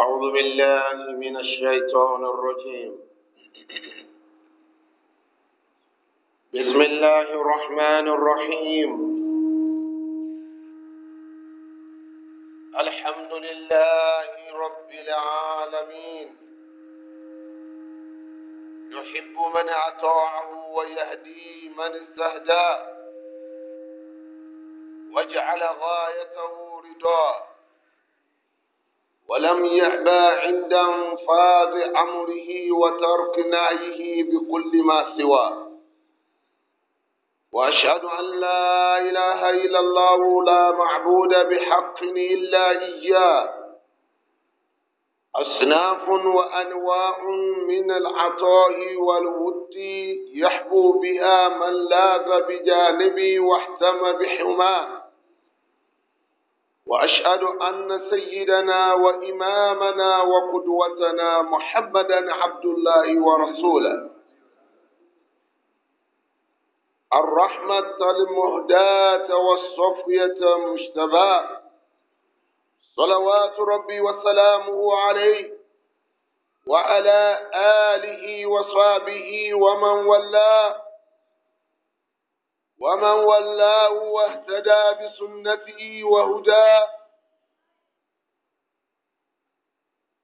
أعوذ بالله من الشيطان الرجيم بسم الله الرحمن الرحيم الحمد لله رب العالمين يحب من أطاعه ويهدي من استهداه واجعل غايته رضاه ولم يأبى عند انفاذ أمره وترك نعيه بكل ما سواه وأشهد أن لا إله إلا الله لا معبود بحق إلا إياه أصناف وأنواع من العطاء والود يحبو بها من لاذ بجانبي واحتم بحماه واشهد ان سيدنا وامامنا وقدوتنا محمدا عبد الله ورسوله الرحمه المهداه والصفيه المجتبى صلوات ربي وسلامه عليه وعلى اله وصحبه ومن والاه ومن ولاه واهتدى بسنته وهدى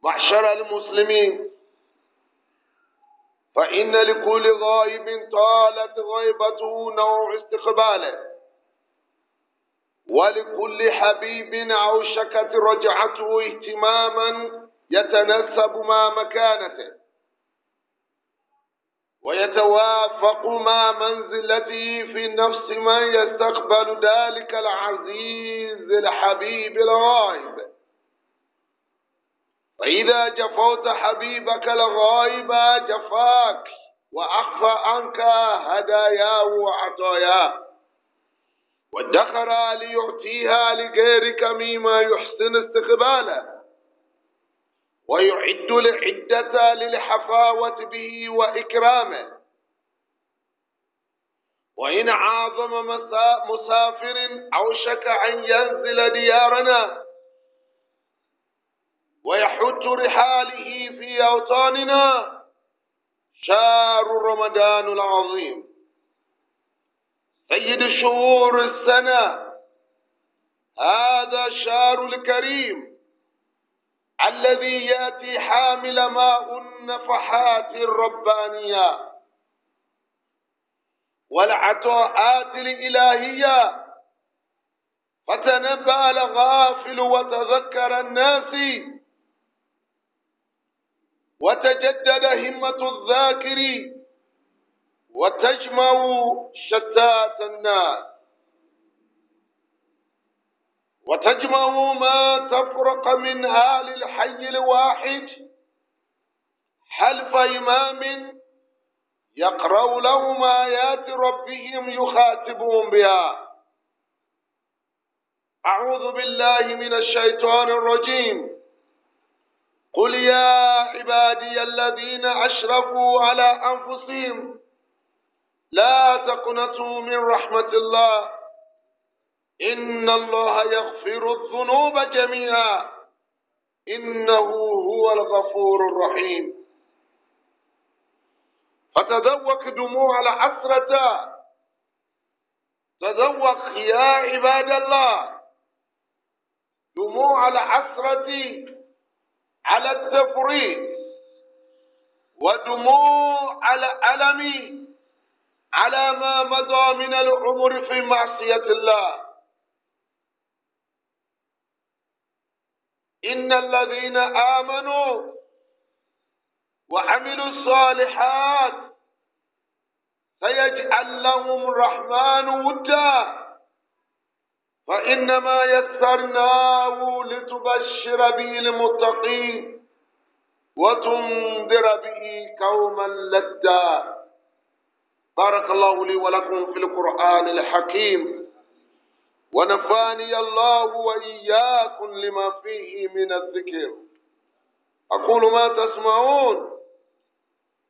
معشر المسلمين فإن لكل غائب طالت غيبته نوع استقباله ولكل حبيب أوشكت رجعته اهتماما يتنسب ما مكانته ويتوافق مع منزلته في نفس من يستقبل ذلك العزيز الحبيب الغائب فإذا جفوت حبيبك الغائب جفاك وأخفى عنك هداياه وعطاياه وادخر ليعطيها لغيرك مما يحسن استقباله ويعد العدة للحفاوة به وإكرامه وإن عاظم مسافر أوشك أن ينزل ديارنا ويحج رحاله في أوطاننا شهر رمضان العظيم سيد شهور السنة هذا شار الكريم الذي يأتي حامل ماء النفحات الربانية والعطاءات الإلهية فتنبأ الغافل وتذكر الناس وتجدد همة الذاكر وتجمع شتات الناس وتجمع ما تفرق من آل الحي الواحد حلف إمام يقرأ لهم آيات ربهم يخاطبهم بها أعوذ بالله من الشيطان الرجيم قل يا عبادي الذين أشرفوا على أنفسهم لا تقنطوا من رحمة الله إن الله يغفر الذنوب جميعا إنه هو الغفور الرحيم فتذوق دموع الحسرة تذوق يا عباد الله دموع الحسرة على التفريط ودموع الألم على ما مضى من العمر في معصية الله إن الذين آمنوا وعملوا الصالحات سيجعل لهم الرحمن ودا فإنما يسرناه لتبشر به المتقين وتنذر به قوما لدا بارك الله لي ولكم في القرآن الحكيم ونفاني الله وإياكم لما فيه من الذكر أقول ما تسمعون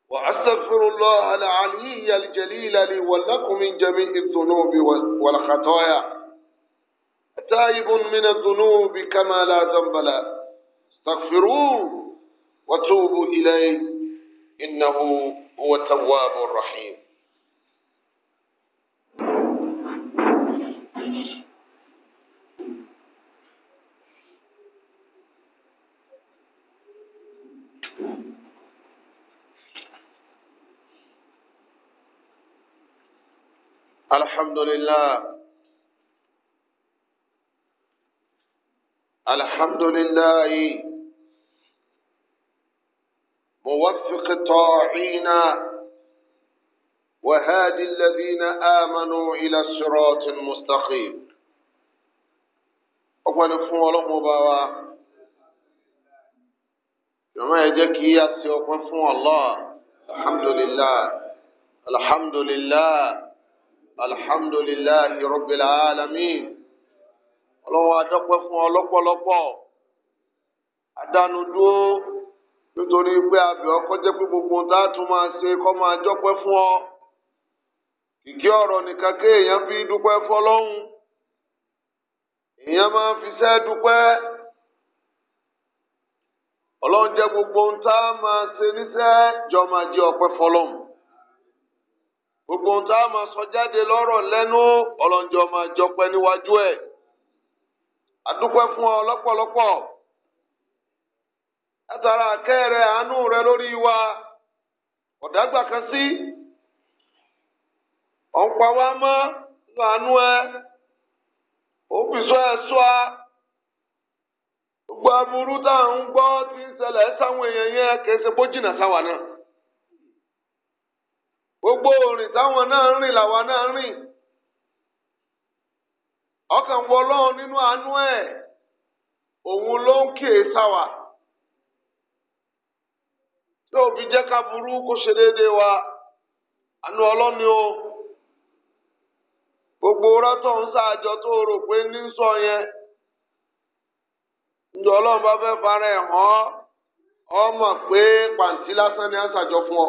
وأستغفر الله العلي الجليل لي ولكم من جميع الذنوب والخطايا تائب من الذنوب كما لا ذنب له استغفروه وتوبوا إليه إنه هو التواب الرحيم الحمد لله الحمد لله موفق طاعين وهادي الذين آمنوا إلى الصراط المستقيم أفضل فعل مباوا يوم يجيك يأتي أفضل الله الحمد لله الحمد لله alhamdulillahi rabbil alamin ọlọ́wọ́ adọ́pẹ́ fún ọ lọ́pọ̀lọpọ̀ adánu dúró nítorí pé abẹ ọkọ jẹ́ pé gbogbo tá a tún máa ṣe kọ́ máa jọ́pẹ́ fún ọ ìgé ọ̀rọ̀ nìkan kéèyàn fi dúpẹ́ fọlọ́hún èèyàn máa fi ṣẹ́ dúpẹ́ ọlọ́run jẹ́ gbogbo tá máa ṣe níṣẹ́ jọ máa jẹ́ ọpẹ́ fọlọ́hún. gbogbo ohun tá a máa sọ jáde lọ́rọ̀ lẹ́nu ọlọ́njọ́ máa jọpẹ́ níwájú ẹ̀ àdúpẹ́ fún ọ lọ́pọ̀lọpọ̀ látara àánú rẹ lórí wa ọ̀dàgbà kan sí wa mọ́ àánú ẹ ẹ sọ a gbogbo gbogbo orin táwọn náà rìn làwa náà ń rìn ọkàn wọ Ọlọ́run nínú àánú ẹ̀ òun ló ń kéè sáwà tí òbí jẹ́ ká burú kó ṣe déédéé wa àánú Ọlọ́run o gbogbo rọ́tọ̀ ń sáàjọ tó rò pé ní sọ yẹn ǹjọ́ Ọlọ́run bá fẹ́ fara ẹ̀ hàn ọ́ mọ̀ pé pàǹtí lásán ni à ń ṣàjọ fún ọ.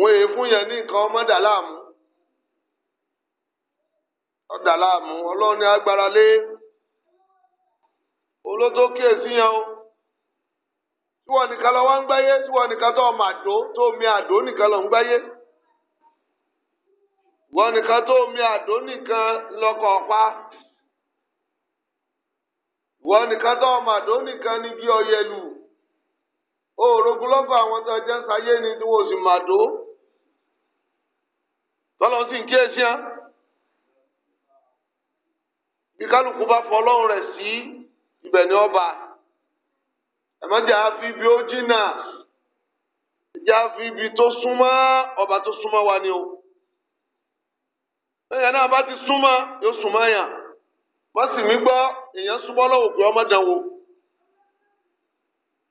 wọn èé fún ni ní nǹkan ọmọdà láàmú ọdà a agbára lé olótó o tí wọn nìkan lọ ń gbáyé tí nìkan tó ọmọ àdó tó omi àdó nìkan lọ ń gbáyé wọn nìkan tó omi àdó nìkan lọkọ ọpa wọn nìkan tó ọmọ àdó nìkan ní bí àwọn tó tọ́lọ́ sì ń kíyèsí hàn bí kálukú bá fọ ọlọ́run rẹ̀ sí ibẹ̀ ni ọba ẹ̀mọ́jà fi ibi ó jìnnà ìjà fi ibi tó súnmọ́ ọba tó súnmọ́ wa ni o ẹ̀yà náà bá ti súnmọ́ yóò súnmọ́ yàn bá sì mí gbọ́ èèyàn súnmọ́ lọ́wọ́ pé ọmọ dàn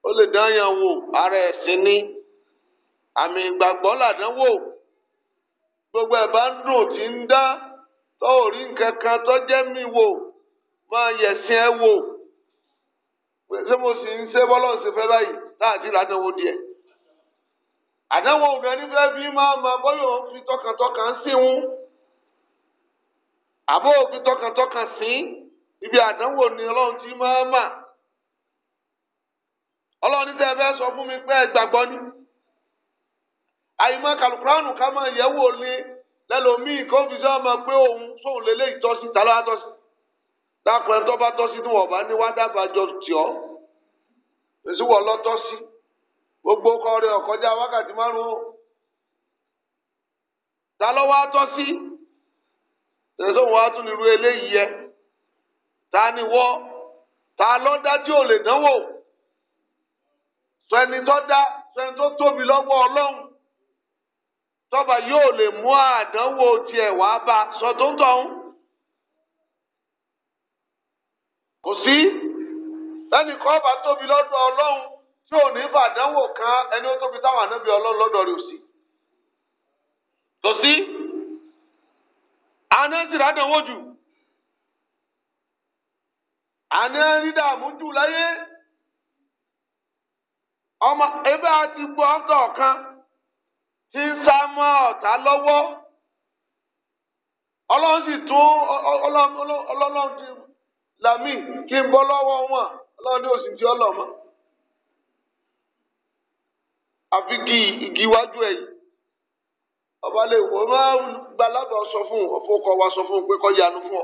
ó lè dán yàn wò ara ẹ̀sìn ní àmì ìgbàgbọ́ làdán wò. gbogbo ẹ̀bá bá ń dùn tí ń dá tó orí nǹkan kan jẹ́ mi wò máa yẹ̀sìn ẹ wò ṣé mo sì ń ṣe bọ́lọ́ ṣe fẹ́ báyìí láti ìlànàwó díẹ̀. àdánwò obìnrin fẹ́ fi máa ma bọ́yọ̀ òun fi tọkàntọkàn síhun àbó fi tọkàntọkàn sí ibi àdánwò ni ọlọ́run ti máa mà ọlọ́run ní sọ fún mi pé ẹ ni. àyìnbó kàlùkùránù ká máa yẹ ni ní lẹ́lòmíì kó fi sọ ma pé òun fóun lélẹ́ ìtọ́sí tálọ́ àtọ́sí dákun ẹni tó bá tọ́sí ní wọ̀n bá ní wá dábàá jọ tì ọ́ èsì wọ̀ lọ tọ́sí gbogbo kọrin ọ̀kọjá wákàtí márùn-ún ta wá tọ́sí ẹ̀sọ́ wọn á tún irú eléyìí yẹ ta ni wọ́ ta ló dá tí ò lè dánwò sọ ẹni tó dá sọ ẹni tó tóbi lọ́wọ́ ọlọ́run. tọ́ba yóò lè mú àdánwò tiẹ̀ wá bá sọ tó ń tọ̀hún. kò sí ẹnì kan bá tóbi lọ́dọ̀ ọlọ́run tí ò ní bàdánwò kan ẹni ó tóbi táwọn ànábì ọlọ́run lọ́dọ̀ rẹ̀ ò sí. kò sí àná sì rádánwò jù àná rí dààmú jù láyé ọmọ ebe àti gbọ́ ọ̀tọ̀ kan. tí ń sá mọ́ ọ̀tá lọ́wọ́ ọlọ́run sì tún ọlọ́run ti làmì kí n bọ́ lọ́wọ́ wọn ọlọ́run tó sì ti ọlọ́mọ. àfi kí igi iwájú ẹ̀yìn ọba lè wọ́n máa ń gba lábàá sọ fún un wa sọ fún un pé kọ́ yanu fún ọ.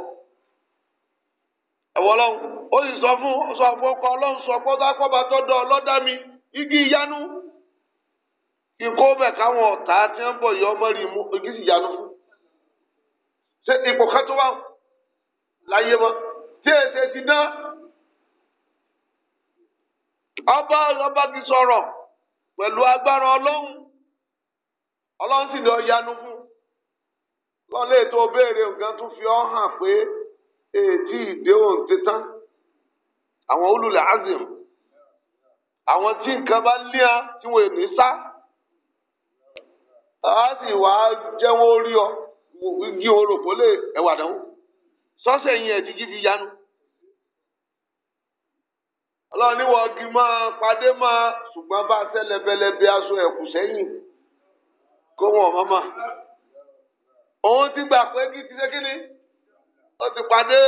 ọlọ́run ó sì sọ ikú bẹ̀ káwọn ọ̀tá tí ń bọ̀ yọ ọmọ rí mu ojú sì yanu fún ṣe ipò kan tó wà láyé mọ́ tí èsè ti dán ọba ọlọ́ba ti sọ̀rọ̀ pẹ̀lú agbára ọlọ́run ọlọ́run sì ni ọ yanu fún lọ́lé tó béèrè nǹkan tó fi ọ hàn pé ètí ìdè òun ti tán àwọn olùlẹ̀ azim àwọn tí nǹkan bá lé a tí wọn ní sá a sì wá jẹ́wọ́ orí ọ igi orò kó lè ẹwà dánwó sọ́sẹ̀ yẹn ẹ̀díjí fi yanu. ọlọ́run ní wọ́n gi máa padé máa ṣùgbọ́n bá sẹ́lẹ̀bẹ̀lẹ̀bẹ̀ aṣọ ẹ̀kú sẹ́yìn kó wọn mọ́mọ́. òun ti gbà pé kí ti ṣe kí ni ó ti padé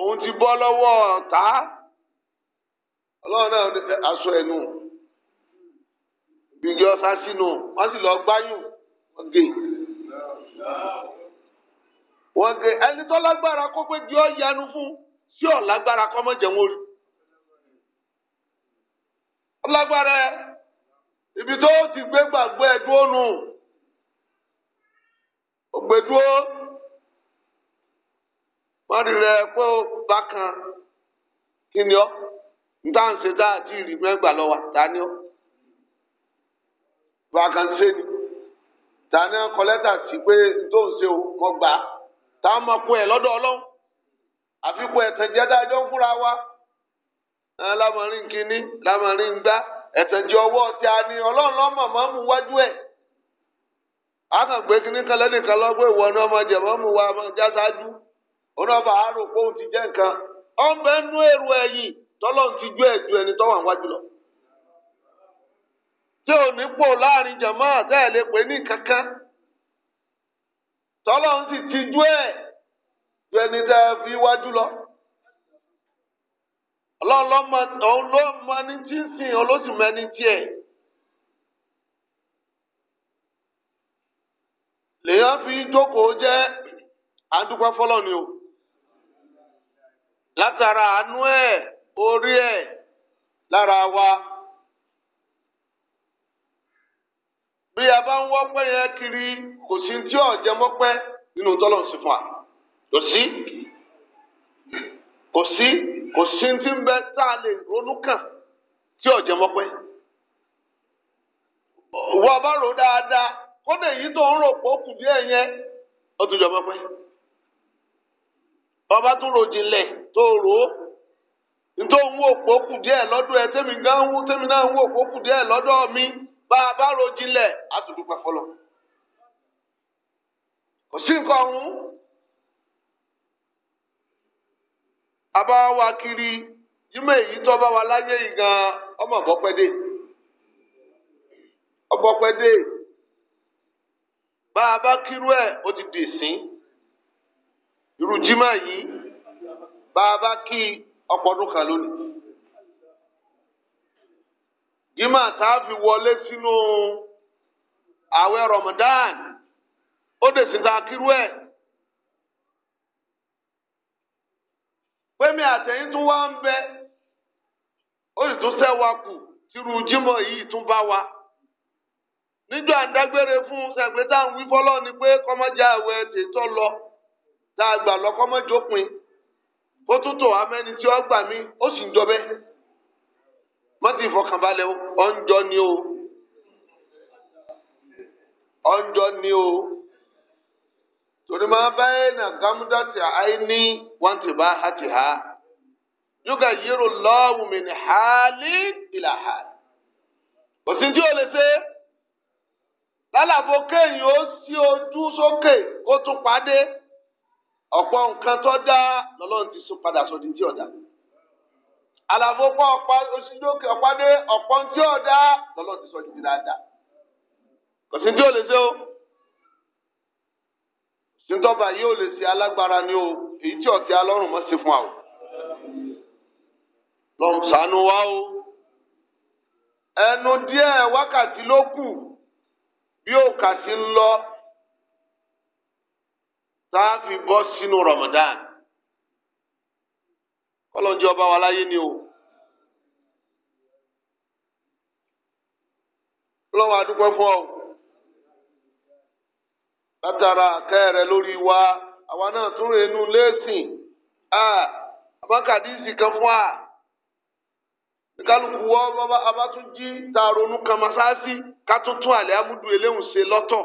òun ti bọ́ lọ́wọ́ ọ̀tá ọlọ́run náà aṣọ ẹ̀nu. bìgì ọ̀sà sínú wọ́n sì lọ gbáyùn wọ́n gé wọ́n gé ẹni tó lágbára kó pé di ọ́ yanu fún sí ọ̀ lágbára kọ́ mọ́ jẹun orí lágbára ẹ ibi tó ti gbé gbàgbé ẹ nù ògbé ó bá vakanse ni tani kọlẹ́tà ti pe tó ń ṣe kọ gbà tá a máa kó ẹ lọ́dọ̀ wa lámọ̀rin kínní lámọ̀rin gbá ẹ̀tàn jẹ́ ọwọ́ a ni ọlọ́run lọ́mọ máa wájú ẹ̀ akàgbé kínní kan lẹ́nìkan lọ́gbọ́ ìwọ ni ọmọ mu wa ọmọ onáfà àárò pé òun ti nǹkan èrò ti tí ò ní pò láàrin jàmá àtẹ́ lè pè ní kankan tọ́lọ́ ń sì ti dú ẹ̀ ju ẹni tẹ́ ẹ fi wájú lọ. ọlọ́run ló mọ ẹni tí ń sìn olóṣù mẹ́ni tiẹ̀. lèèyàn fi jókòó jẹ́ àdúgbò fọlọ́ ni o látara àánú ẹ̀ orí ẹ̀ lára wa. bí a bá ń wọ́ pẹ́ yẹn kiri kò sí tí ò jẹ mọ́pẹ́ nínú tọ́lọ̀ sí fún wa kò sí kò sí kò sí tí ń bẹ tá a tí ò jẹ dáadáa kódà èyí tó ń rò pé kù díẹ̀ yẹn ó tún jọ ọba rò jinlẹ̀ tó rò ó nítorí òun wò kù díẹ̀ ẹ tẹ́mi náà ń pé bá a bá rojinlẹ̀ á tún dúpẹ́ fọlọ́ kò sí nǹkan ọ̀hún a bá wa kiri yímọ̀ èyí tó bá wa láyé yìí gan ọmọ bọ́pẹ́dé ọbọ̀pẹ́dé bá a bá kírú ẹ̀ ó ti dè sí irú jimá yìí bá a bá kí ọ̀pọ̀ ọdún kan lónìí. jimá ma taa fi wọlé sínú àwẹ̀ Ramadan ó de sí takiru ẹ pẹmí àtẹyìn tún wá ń bẹ ó sì tún sẹ kù tìrù jimọ yìí tún bá wa níjọ àdágbére fún sẹpẹtà ń wí fọlọ ni pé kọmọjà àwẹ̀ tètò lọ tá a gbà lọ kọmọjópin ó tún tò wá mẹni tí ó gbà mí ó sì ń jọbẹ. mọ́tì ìfọkànbalẹ̀ ọ̀njọ́ ni o ọ̀njọ́ ni o torí máa bá ẹ̀ nà gámúdá tì áì ní wọ́n ti bá a ti ha yóga yírò lọ́wọ́ mi ní hali ìlà hali òsì tí o lè ṣe lálàbò kéèyàn ó sí ojú sókè kó tún pàdé ọ̀pọ̀ nǹkan tó dá lọ́lọ́run ti sún padà sódì tí ọ̀dà àlàfo kọ́ ọ̀pá oṣìṣẹ́ ọ̀pádé ọ̀pọ̀ tí ó dá lọ́lọ́run ti sọ jù dáadáa kò sí tí ó lè ṣe o síntọ́ba yóò lè ṣe alágbára ni o èyí tí ọ̀tí alọ́run mọ́ sí fún wa o lọ́run ṣàánú wa o ẹnu díẹ̀ wákàtí ló kù bí òkà sí ń lọ a fi bọ́ sínú Ramadan ọlọ́njẹ́ ọba wa láyé ni o. ọlọ́wọ́ adúpẹ́ fún ọ látara àkẹ́ rẹ lórí wa àwa náà tún rè inú lẹ́sìn àbákàdísì kan fún wa kálukú wọ bàbá abátúnjí tá a ronú kan masáàsì ká tó tún àlẹ́ amúdù eléhùn ṣe lọ́tọ̀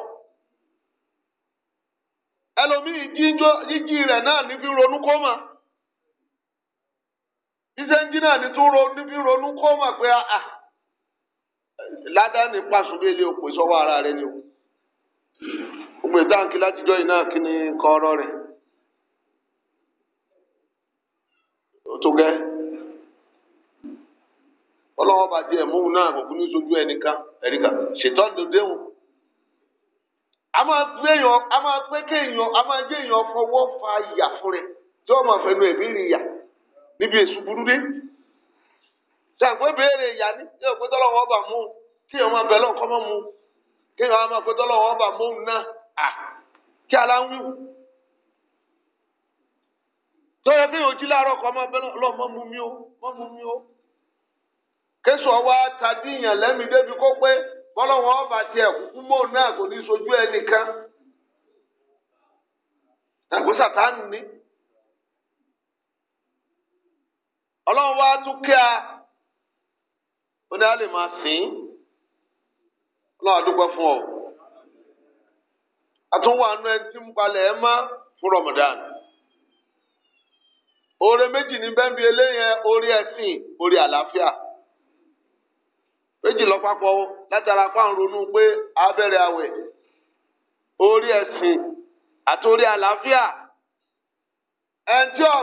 ẹlòmíì jíjí rẹ̀ náà ní ronú kó máa. jíjẹ́ ńjínà ní tún níbi ronú kọ́ mọ̀ pé àà ah, ah, ládàá ní òpè sọ́wọ́ ara rẹ o gbogbo ìtànkì látijọ́ yìí náà kí ni kọ́ ọ̀rọ̀ rẹ̀ ó tó gẹ́ ọlọ́wọ́ bá ẹ̀mú náà kòkó ní sojú ẹnìkan ẹ̀ríkà a máa gbé èèyàn a máa gbé kéèyàn a máa jẹ́ èèyàn fọwọ́ fa ìyà fún níbi èṣù burú dé béèrè ìyá ní ṣé òpé ọba mú kí ọmọ máa bẹ̀ kọ́ mọ́ mu kí èèyàn ọba mú náà kí ala ń wíwù tọ́lọ́ kí èèyàn jí kọ́ mọ́ mi ó mọ́ mi ó ọwọ́ lẹ́mìí débi kó pé mọ́ náà kò ní sojú ẹnìkan ọlọ́run wá tún kí ó ní a lè máa sìn ọlọ́run àdúgbò fún ọ àtúnwò àánú ẹni tí ń palẹ̀ ẹ má fún Ramadan oore méjì ní bẹ́ńbí eléyẹn orí ẹ̀sìn orí àlàáfíà méjì lọ papọ̀ látara pàrọ̀ ronú pé abẹ́rẹ́ àwẹ̀ orí ẹ̀sìn àti orí àlàáfíà ẹni tí ó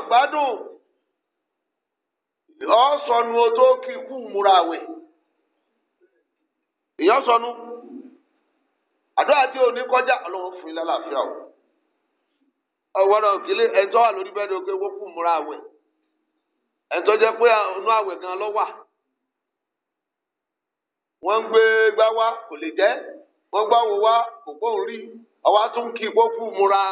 ọ sọnụ otu oke ikwu mụrụ awe èèyàn sọnù àdúrà kọjá ọlọ́run fún ilé àlàáfíà o ẹ̀tọ́ múra àwẹ̀ ẹ̀tọ́ jẹ́ pé ọ̀nà àwẹ̀ gan lọ wà wá kò lè wá kò gbóhùn rí kí múra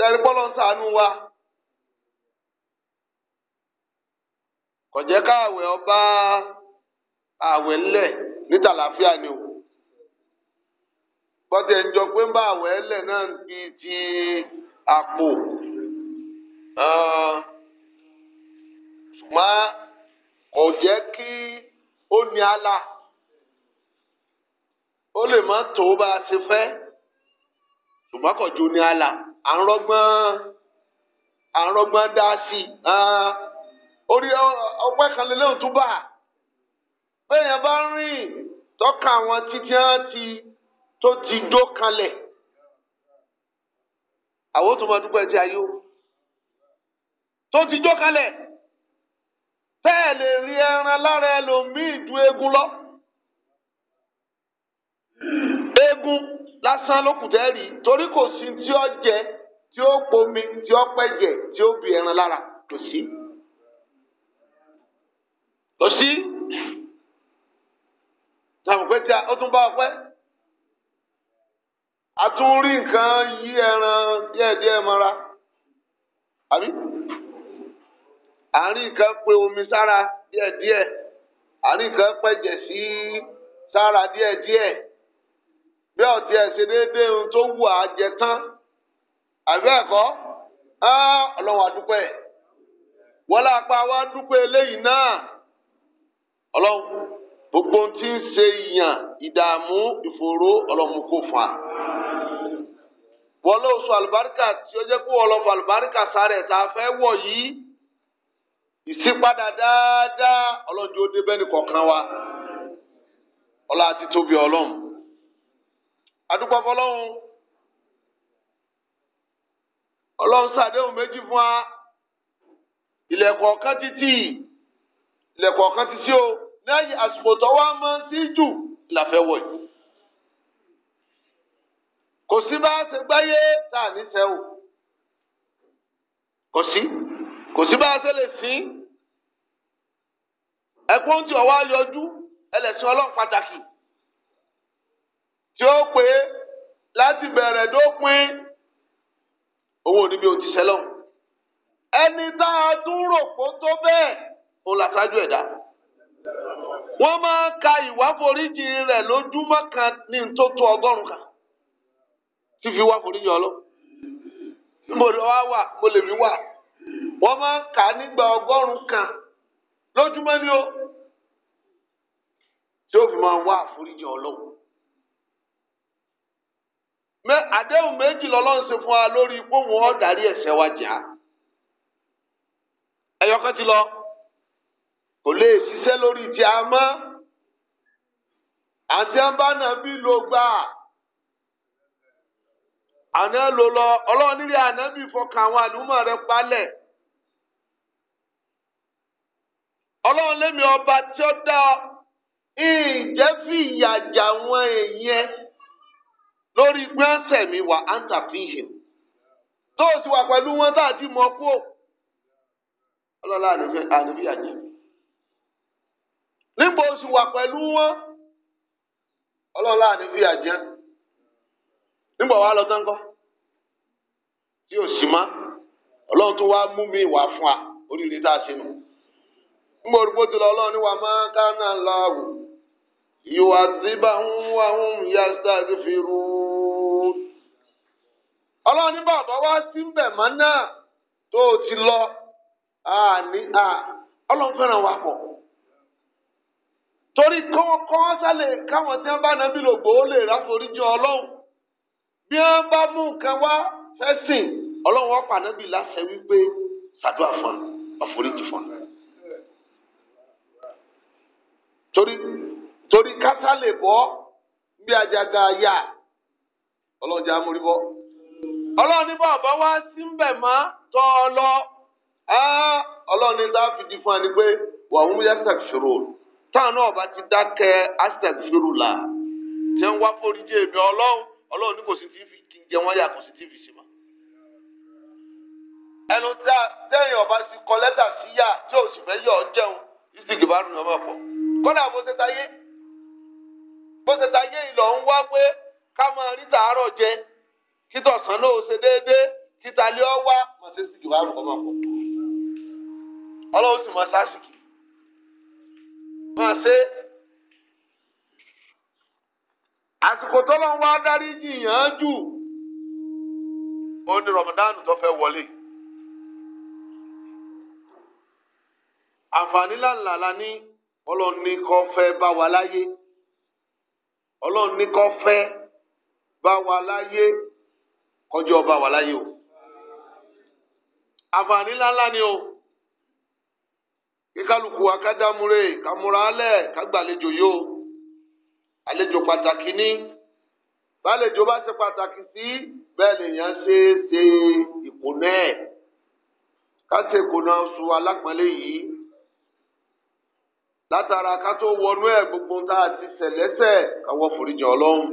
sẹ́rí bọ́lọ̀ ń sànú wa. kọ̀jẹ́ káàwẹ̀ ọba àwẹ̀ ńlẹ̀ níta làáfíà ni o. bọ́tẹ̀ ń jọ pé ń bá àwẹ̀ ńlẹ̀ náà ti ti àpò. ṣùgbọ́n kò jẹ́ kí ó ní ala ó lè má tó bá a ṣe fẹ́ ṣùgbọ́n kò ju ní ala à ń rọgbọ́n à ń rọgbọ́n dá sí i ah, orí ọpẹ́ kan lè léwu túbà bẹ́ẹ̀ yẹn bá ń rìn tọ́ka àwọn títí hàn ti tó ti dó kanlẹ̀ àwọn tó máa dúpẹ́ tí a tó ti dó kanlẹ̀ tẹ́ ẹ lè rí ẹran lára ẹlòmíì ju eegun lọ eegun. lásán ló kù tẹ́rì torí kò sí tí ó jẹ tí ó pomi tí ó jẹ tí ó bi ẹran lára kò sí. kò sí. tàbí pé tí ó tún bá ọ pẹ́. a tún rí nǹkan yí ẹran díẹ̀díẹ̀ mọ́ra. àbí? àárín nǹkan pe omi sára díẹ̀díẹ̀ àárín nǹkan pẹ̀jẹ̀ sí sára díẹ̀díẹ̀. bí ọtí ẹsẹ déédéé ohun tó wù á jẹ tán àbí ẹkọ Ọlọ́run àdúpẹ́ wọn lápá wa dúpẹ́ eléyìí náà Ọlọ́run gbogbo ohun ń ṣe ìyàn ìdààmú ìfòòró Ọlọ́run kò fà àlùbáríkà tí ó jẹ́ kó àlùbáríkà sáré fẹ́ wọ̀ wa adúpọ̀ fọlọ́hún ọlọ́run ṣàdéhùn méjì fún wa ilẹ̀kọ̀ kan títì ilẹ̀kọ̀ kan títì o lẹ́yìn àsìkò tó wá mọ́ sí jù làfẹ́ wọ̀ yìí kò sí bá a ṣe gbáyé tá a ní sẹ́wọ̀n kò sí kò sí bá a ṣe lè sìn ẹ̀kọ́ ń tí ọ̀wá yọjú ẹlẹ́sìn ọlọ́run pàtàkì. tí ó pé láti bẹ̀rẹ̀ dópin o ẹni tá a tún rò kó tó bẹ́ẹ̀ òun làṣáájú ẹ̀dá wọ́n máa ń ka ìwáforíjì rẹ̀ lójúmọ́ kan ní tó tó ọgọ́rùn-ún kan tí fi wáforíjì ọlọ́ mo lọ wá wà mo lè wà wọ́n máa ń kà á nígbà ọgọ́rùn-ún kan lójúmọ́ ni ó tí ó fi máa wá mẹ àdéhùn méjì lọ́lọ́run ṣe fún wa lórí ipò wọn ó dárí ẹ̀ṣẹ̀ wa jìá ẹyọkàn ti lọ kò lè ṣiṣẹ́ lórí ti a mọ́ àti abánà bí ló gbà àná ló lọ ọlọ́run nílé àná bí fọkàn àwọn àlùmọ̀ rẹ palẹ̀ ọlọ́run lémi ọba tí ó dá ìjẹ́ fìyà jà wọ́n èèyàn. lórí gbẹ́sẹ̀ mi wà áńtà fíhìn tó o ti wà pẹ̀lú wọn tá a ti mọ kú ò ọlọ́lá àníbí àjẹ́ níbo o sì wà pẹ̀lú wọn ọlọ́lá àníbí àjẹ́ níbo wàá lọ tán kọ́ tí o sì má ọlọ́run tó wàá mú mi wà fún wa oríire tá a ṣe nù níbo olùkó ti lọ ọlọ́run ní wàá má kánà láàwù yóò àdébà ń wà ń yá sáà fi rú. ọlọ́run ní bàbá wá sí mbẹ̀ mọ́ náà tó o ti lọ ọlọ́run fẹ́ràn wà pọ̀ torí kọ́ sálẹ̀ káwọn tí wọ́n bá nàbí lògbò ó lè ráforíjì ọlọ́run bí wọ́n bá mú nǹkan wá fẹ́sìn ọlọ́run wọ́n pàdánù láṣẹ wípé ṣàdúrà fún àforíjì fún torí torí kásálẹ̀ bọ́ bí ajaga yá ọlọ́run jẹ́ bọ́. ọlọ́run ní bàbá wá sí ń má tọ́ ọ lọ. ọlọ́run ní tá fún ẹni pé wà ń táwọn náà bá ti dákẹ́ àṣàkṣòro là jẹ́ ń wá èmi ọlọ́run kò sí wọ́n yà kò sí sí ma. ẹnu ọba ti kọ tí sì fẹ́ jẹun ìsìnkì bá rùn pọ̀ bó ṣe ta yé bó ń wá pé ká máa rí tàárọ̀ títọ̀sán náà ó ṣe déédéé títalẹ́ ọ wá mọ̀ sí ìdìbò àrùkọ́ máa pọ̀ ọlọ́run sì mọ sásìkì máa ṣe àsìkò tó lọ́n wá dárí jìyàn jù ó ní rọmọdánù tó fẹ́ wọlé àǹfààní ńláńlá la ní ọlọ́run ní kó fẹ́ bá wa láyé ọlọ́run ní kó fẹ́ bá wa láyé kọjú ọba wà láyé o àǹfààní ńláńlá ni o kíkálukú akádámúre kàmúralẹ kágbàlejò yó àlejò pàtàkì ní bálejò bá ṣe pàtàkì sí bẹ́ẹ̀ lèèyàn ṣe é ṣe ìkùnà ẹ̀ ká ṣe ìkùnà oṣù alápọ̀nlé yìí látara ká tó wọnú ẹ̀ gbogbo tá a ti ṣẹ̀ lẹ́ṣẹ̀ foríjì Ọlọ́run.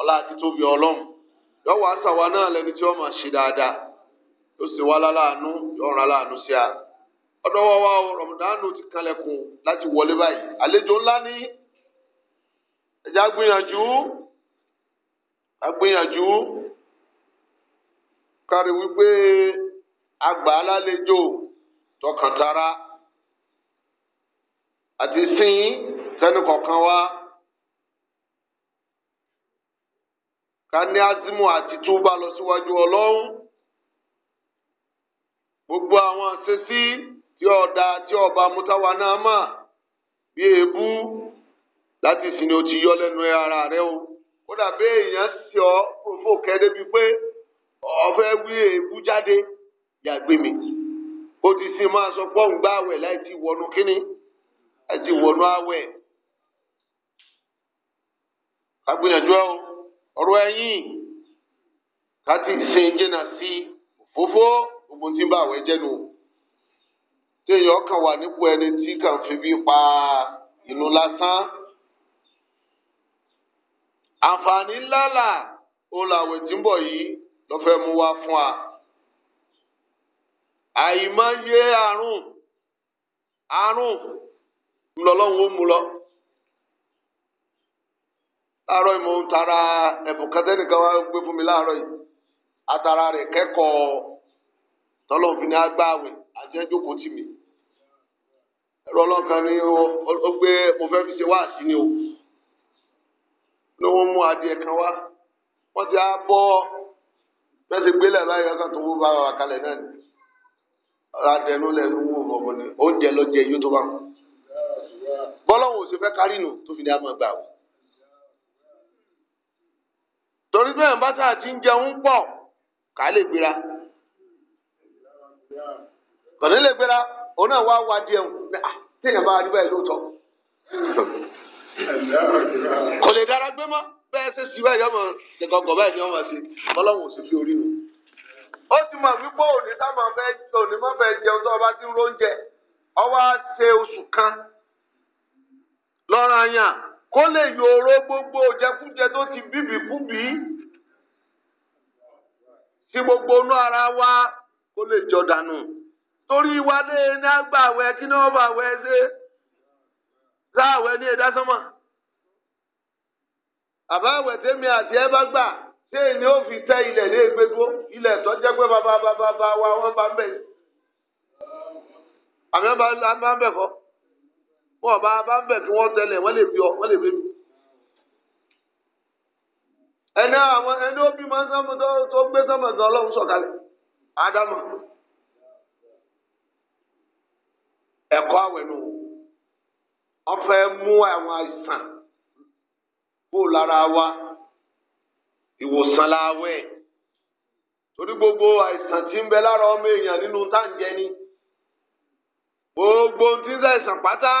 ọlá àti tóbi ọlọ́run yọwọ́ àtàwa náà lẹni tí wọ́n máa ṣe dáadáa tó sì wá láláàánú yọ̀ọ̀ràn láàánú sí a ọ̀dọ̀ wa wa rọ̀mùdánù ti kalẹ̀kùn láti wọlé báyìí àlejò ńlá ní ẹ̀já gbìyànjú agbìyànjú kárí wípé àgbà alálejò tọkàntara àti sìn tẹnukọ̀ọ̀kan wa. Kani azimu àti túbà lọ síwájú ọlọ́run gbogbo àwọn àṣesí tí ọ̀dà tí ọba mutawa náà mà bí èébú láti sìn ní o ti yọ lẹ́nu ara rẹ o kódà bẹ́ẹ̀ èèyàn sì ọ́ provoke ẹ débi pé ọ̀fẹ́ wí èébú jáde yàgbé mi ó ti sin máa sọ pọ́ùn gbá àwẹ̀ láì ti wọnú kínní láì ti wọnú àwẹ̀. agbìyànjú ẹ o ọ̀rọ̀ ẹ̀yìn káti sin jìnnà sí òfófó ogun tí ń bá àwẹ̀ jẹ́nu téèyàn kan wà nípò ẹni tí kàn fi bí pa inú lásán àǹfààní ńlá là ó làwẹ̀ tí ń bọ̀ yìí lọ́fẹ́ mú wá fún wa àìmọye àrùn àrùn ńlọlọ́run ó mú lọ láàárọ̀ yìí mo ń tara ẹ̀bùn kẹtẹ́nìkan wá gbé fún mi láàárọ̀ yìí atara rẹ̀ kẹ́kọ̀ọ́ tọ́lọ́ òfin ní agbáwẹ̀ àjẹjókòó tì mí ẹ̀rọ ọlọ́kan ni ó gbé mo fẹ́ fi ṣe wá sí ni o ló wọ́n mú adìẹ kan wá wọ́n ti á bọ́ bẹ́ẹ̀ ti gbélé ẹ̀rọ ayọ̀ kan tó wú bá wà kalẹ̀ náà ni adìẹ ló lẹ̀ ló wú ọmọ ni oúnjẹ lọ jẹ yóò tó bá wọn bọ́lọ́wọ́ òṣèfẹ́ kárìnù tó fi ní àmọ́ gbà wọ́n. torí bẹ́ẹ̀ bá tá ti ń jẹun pọ̀ ká lè gbéra kọ̀ní lè gbéra òun náà wá wá ah, téèyàn bá rí báyìí lóòótọ́ kò lè dára gbé mọ́ bẹ́ẹ̀ ṣe sí báyìí ọmọ ìkọ̀kọ̀ báyìí ni wọ́n máa ṣe ọlọ́run fi orí o ó ti mọ̀ wípé òní táwọn ọba ti ń ọwọ́ á kan lọ́rọ̀ kó lè yòòrò gbogbo òjẹkújẹ tó ti bíbìkúbì sí gbogbo inú ara wa kó lè jọ dànù torí wálé e ní agbàwẹ kí ni wọn wẹ ṣe láàwẹ ní ẹ̀dá sánmà àbáwẹ àti ẹ bá gbà ṣé fi tẹ ní e tó pé bàbá bàbá wa bá ń àmì ń bọ́ ọba bá ń bẹ̀ kí wọ́n tẹ̀lé wọ́n lè fi ọ wọ́n lè fi mi. ẹni àwọn ẹni ó bímọ sọmọ tó gbé sọmọ gan ọlọrun sọ̀kalẹ̀ ádámà ẹ̀kọ́ àwẹ̀ nù wọ́n mú àwọn àìsàn kó lára wa ìwòsàn láwẹ̀ torí gbogbo àìsàn tí ń bẹ lára ọmọ èèyàn nínú táǹjẹ ni gbogbo ohun tí ń ṣàìsàn pátá.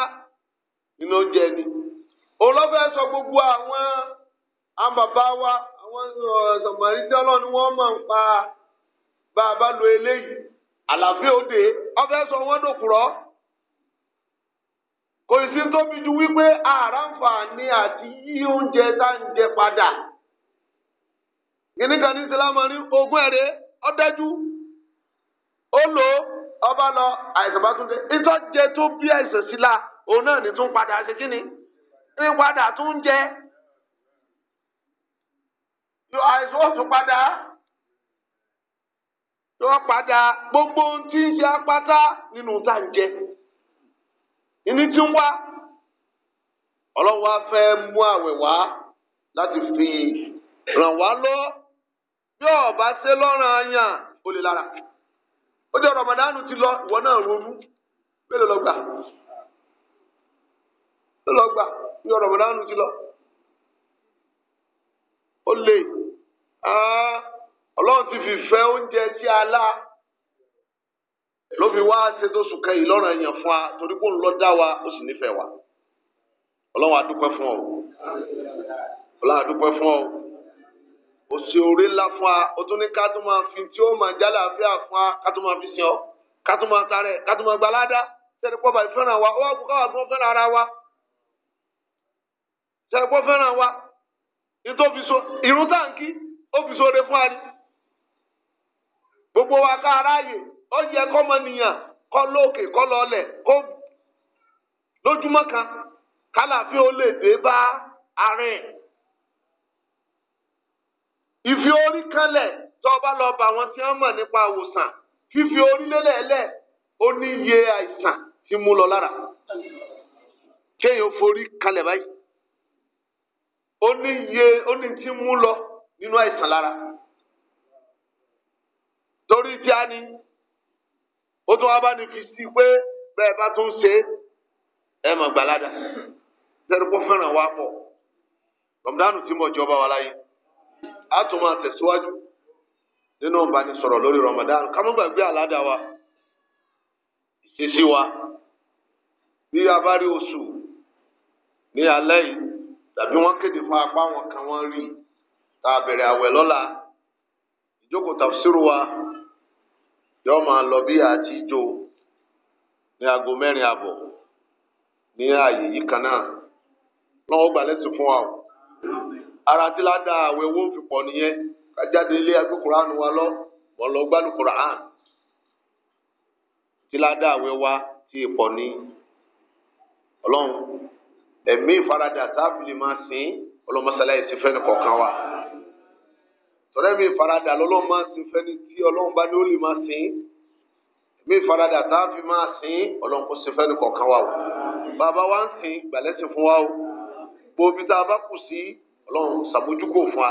nínú oúnjẹ ni òun sọ gbogbo àwọn àbàbá wa àwọn eh, ọ̀sọ̀mọ̀rí tẹ́lọ̀ ni wọ́n máa ń pa bá lo eléyìí àlàáfíà òde ọfẹ́ sọ wọ́n dòkùrọ́ kò sí tóbi ju wípé àràǹfààní àti yí oúnjẹ tá ń jẹ padà kìnnìkan ní ogún ó lò ọba lọ àìsàn bá tún dé ìtọ́jẹ tó la. òun náà ní tún padà ṣe kíni ní padà tún jẹ àìsàn padà gbogbo ohun tí ń ṣe apáta nínú tá à ń jẹ ìní tí ń wá mú àwẹ̀ láti fi ràn wá lọ yóò bá ṣe lọ́ràn àyàn ó o lára ó ti lọ ìwọ náà ronú mélòó lọ gbà. ló lọ gbà bí ọ̀rọ̀ bọ̀dá nù ti lọ. ó lè ọlọ́run ti fìfẹ́ oúnjẹ tí a lá ló fi wá ṣètò sùkẹ́ yìí lọ́rọ̀ èèyàn fún wa torí kó ń lọ dá wa ó sì nífẹ̀ẹ́ wa ọlọ́run adúpẹ́ fún ọ ọlọ́run adúpẹ́ fún ọ òsì orí ńlá fún wa ó tún ní ká tó máa fi tí ó máa jálè àfíà fún wa ká tó máa fi sìn ọ ká tó máa tarẹ ká tó máa gbaládá sẹ́ni pọ́ bàbá ìfẹ́ràn wa ó wà kó káwá tó fẹ́ràn ara wa ṣàpọ̀ fẹ́ràn wa irun táǹkì ó fi sóore fún ari gbogbo wa ká aráàyè ó yẹ kọ́mọnìyàn kọ́ lóòkè kọ́ lọ́ọ̀lẹ̀ kó lójúmọ́ kan kálàfin ó lè dé bá arìn ìfi orí kanlẹ̀ tó o bá lọ bá àwọn tí wọ́n mọ̀ nípa àwòsàn fífi orí lélẹ̀ẹ́lẹ̀ ó ní iye àìsàn tí mú lọ lára kéèyàn forí kanlẹ̀ báyìí. ó ní tí mú lọ nínú àìsàn lára torí tí a ní ó tún wá bá ní fi sí pé bẹ́ẹ̀ bá tún ṣe ẹ mọ̀ gbàládà sẹ́dúkú fẹ́ràn wá pọ̀ tí mo jọba wa láyé a tún máa tẹ̀síwájú nínú lórí wa ìṣesí wa bí a bá rí tàbí wọ́n kéde fún apá wọn kan wọ́n rí tá a bẹ̀rẹ̀ àwẹ̀ lọ́la ìjókòó tafsiru wa yóò máa lọ bí àti ìjó ní aago mẹ́rin àbọ̀ ní ààyè yìí kan náà lọ́wọ́ ó gbà lẹ́sìn fún wa o ara tí ládà àwẹ̀ owó fi pọ̀ nìyẹn kájáde ilé agbókùnránù wa lọ wọ́n lọ gbálùkùnrà hàn tí ládà àwẹ̀ wa ti pọ̀ ní ọlọ́run ẹ̀mí ìfaradà tábìlì máa sìn ọlọ́mọsálá yìí ti fẹ́ ní kọ̀ọ̀kan wa. tọ́lá ẹ̀mí ìfaradà lọ́lọ́ máa sìn fẹ́ni tí ọlọ́run bá ní ó lè máa sìn ẹ̀mí ìfaradà tábìlì máa sìn ọlọ́run kò sí fẹ́ni kọ̀ọ̀kan wa o. bàbá wa ń sìn gbàlẹ́sì fún wa o. gbòòbí tá a bá kù sí ọlọ́run ṣàbójúkò fún wa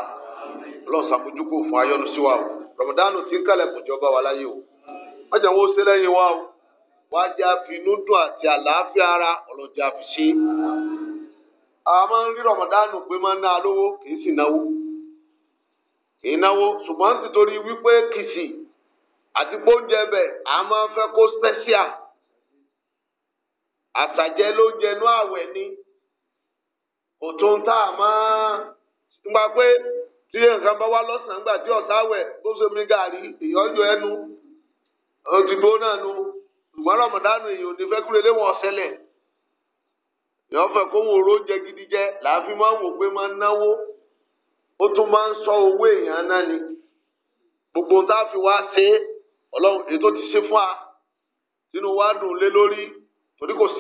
ọlọ́run ṣàbójúkò fún ayọ́nu sí wa o. rọ̀mọ̀dánù ti ń kalẹ̀ kò jọba wa láyé o. wọ́n wọn ó ṣe lẹ́yìn wa o. wá jẹ́ àfinúdùn àti àlàáfíà ara ọlọ́jà fi ṣe. A máa ń rí rọ̀mọ̀dánù pé máa ń ná lówó kì í sì náwó. kì í náwó ṣùgbọ́n nítorí wípé kìsì àti a máa ń fẹ́ kó spẹ́ṣíà. àtàjẹ ló jẹnu àwẹ̀ ni kò tó ń tà máa ń gba pé tí nǹkan bá wá lọ́sàn-án gbà tí ọ̀sá tó ṣùgbọ́n rọ̀mọ̀dánù èèyàn ò ní fẹ́ kúrò léwọ̀n ṣẹlẹ̀ yọ fẹ́ kó wọn oró jẹ gidi jẹ làáfi máa ń wò pé máa ń náwó ó tún máa ń sọ owó èèyàn náà gbogbo tá fi wá ṣe ọlọ́run ètò ti ṣe fún wa sínú wa dùn lé lórí torí kò sí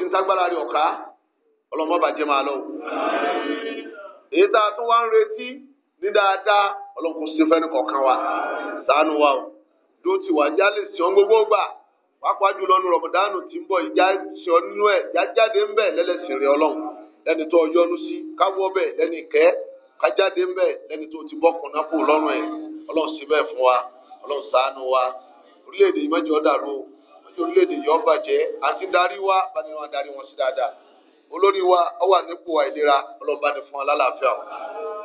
èyí tá a tún wá ń retí ní dáadáa ọlọ́run kò sí kọ̀ọ̀kan wa tiwa jálè sí ọ́n gbogbo pàápàá jùlọ nu rọmọdánù tí ń bọ̀ ìjà sọ ẹ̀ jájáde ń bẹ̀ lẹ́lẹ́sìn rẹ̀ ọlọ́run lẹ́ni tó yọnu sí káwọ́ bẹ̀ lẹ́ni kẹ́ kájáde ń bẹ̀ lẹ́ni tó ti bọ́kùn náà kú lọ́rùn ẹ̀ ọlọ́run sí bẹ́ẹ̀ fún wa ọlọ́run dàrú mẹ́jọ orílẹ̀-èdè yìí àti darí wa wọn darí wọn sí dáadáa olórí wa wà nípò àìlera ọlọ́run bá ní fún wa lálàáfíà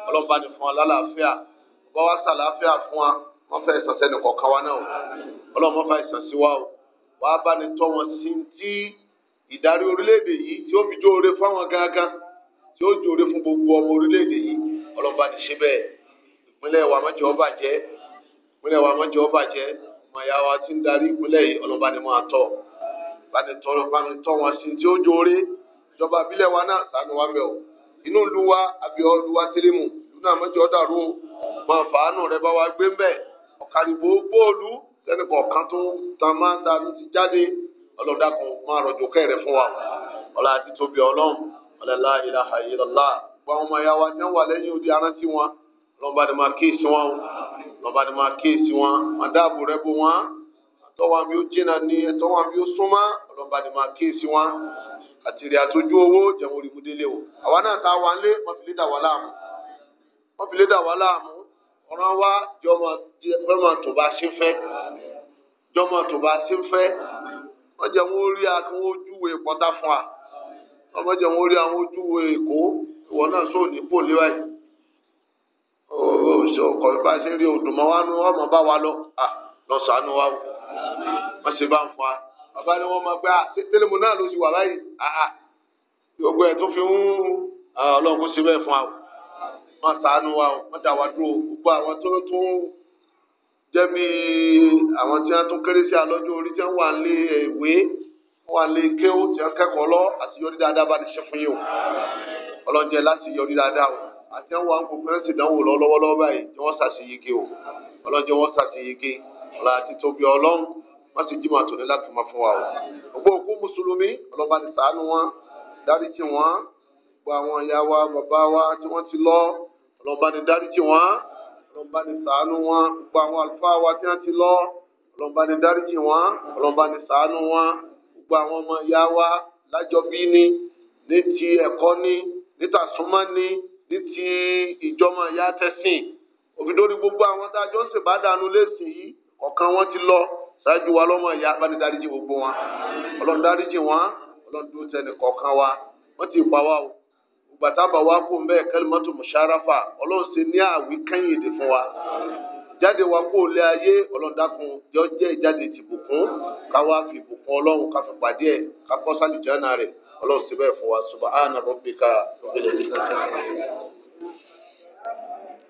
ọlọ́run wàá bá ní tọ́ wọn sí tí ìdarí orílẹ̀-èdè yìí tí ó fi jó fáwọn gángan tí ó jó fún gbogbo ọmọ orílẹ̀-èdè yìí ọlọ́ba ti ṣe bẹ́ẹ̀ ìpínlẹ̀ wa mọ́jọ́ ọba ìpínlẹ̀ wa mọ́jọ́ wa ti ń darí ìpínlẹ̀ yìí ọlọ́ba ni máa tọ́ wọn sí tí ó ìjọba wa náà wa mẹ́ o inú luwa wa àbí ọlú mọ́jọ́ dàrú o fàánù rẹ bá wa gbé sẹ́ni kọ̀ọ̀kan tó ta máa ń ta ló ti jáde ọlọ́dà kan máa rọ̀jò kẹ́rẹ̀ fún wa ọlá àti ọlọ́run ọlọ́lá ilaha illallah gbọ́n ọmọ ẹ̀yà wa ní wà lẹ́yìn odi arántí wọn lọ́ba ni máa kíyèsí wọn lọ́ba ni máa kíyèsí wọn máa dáàbò rẹ bò wọn tọ́wọ́ àmì ó jìnnà ní tọ́wọ́ àmì ó súnmọ́ lọ́ba ni máa kíyèsí wọn àtìrì àtọ́jú owó jẹun orí o àwa náà ta wa lé mọ́fìlẹ́dà ọ̀ràn wa jọmọ tó bá ṣe fẹ́ jọmọ tó bá ṣe fẹ́ wọ́n jẹ́ wọn rí àwọn ojúwe pọ́tà fún wa wọ́n jẹ́ wọn rí àwọn ojúwe èkó ìwọ náà sóò ní pòlì báyìí oṣù ọkọ̀ bá ṣe rí odùmọ̀ wa nu ọmọ bá wa lọ lọ sànú wa wọ́n ṣe bá ń fún wa bàbá ni wọ́n máa gbé tẹlẹmù náà ló ti wà báyìí gbogbo ẹ̀ tó fi ń ọlọ́run kó ṣe bẹ́ẹ̀ fún wa wọn ṣàánú wa wọn dà wá dúró gbogbo àwọn tó tó jẹ́ bí àwọn tí wọ́n tún kéré sí alọ́jọ́ orí tí wọ́n wà lé ìwé wọ́n wà lé kéwù tí wọ́n kẹ́kọ̀ọ́ lọ àti yọrí dáadáa bá ti ṣe fún yìí o ọlọ́njẹ láti yọrí dáadáa o àti àwọn àwọn kòkòrò sì dánwò lọ lọ́wọ́lọ́wọ́ báyìí tí wọ́n ṣàṣeyege o ọlọ́njẹ wọ́n ṣàṣeyege ọ̀la àti tóbi ọlọ́run wọ́n sì jímọ̀ àtòní láti máa fún wa o ògbó òkú mùsùlùmí ọlọ́ba ti ṣàánú wọn dáríjì wọn gbogbo àwọn ìyá wa bàbá wa tí wọ́n ti lọ ọlọ́ba ni dáríjì wọn ọlọ́ba ni ṣàánú wọn gbogbo àwọn àlùfáà wa tí wọ́n ti lọ ọlọ́ba ni dáríjì wọn ọlọ́ba ni ṣàánú wọn gbogbo àwọn ọmọ ìyá wa lájọbí ni ní ti ẹ̀kọ́ ni ní tàsúmọ́ ni ní ti ìjọmọ ìyá tẹ̀sìn òfin lórí gbogbo àwọn tá a jọ ń ṣèbádànù lẹ́sìn yìí ọ̀kan wọn ti lọ ṣáájú wa lọ́mọ ìyá abáni dáríjì gbogbo wọn ọlọ́run dáríjì wọn ọlọ́run dúró tẹnì wa wọ́n ti pa wá o gbàtàbà wa kó ń bẹ́ẹ̀ kalimatu musharafa ọlọ́run ṣe ní àwí kẹ́yìn èdè fún wa jáde wa kó lé ayé ọlọ́run dákun yọ jẹ́ ìjáde ti bùkún káwa fi bùkún ọlọ́run ká fi pàdé ẹ̀ ká kọ́ sálì jánà rẹ̀ ọlọ́run ṣe bẹ́ẹ̀ fún wa subahana rabbika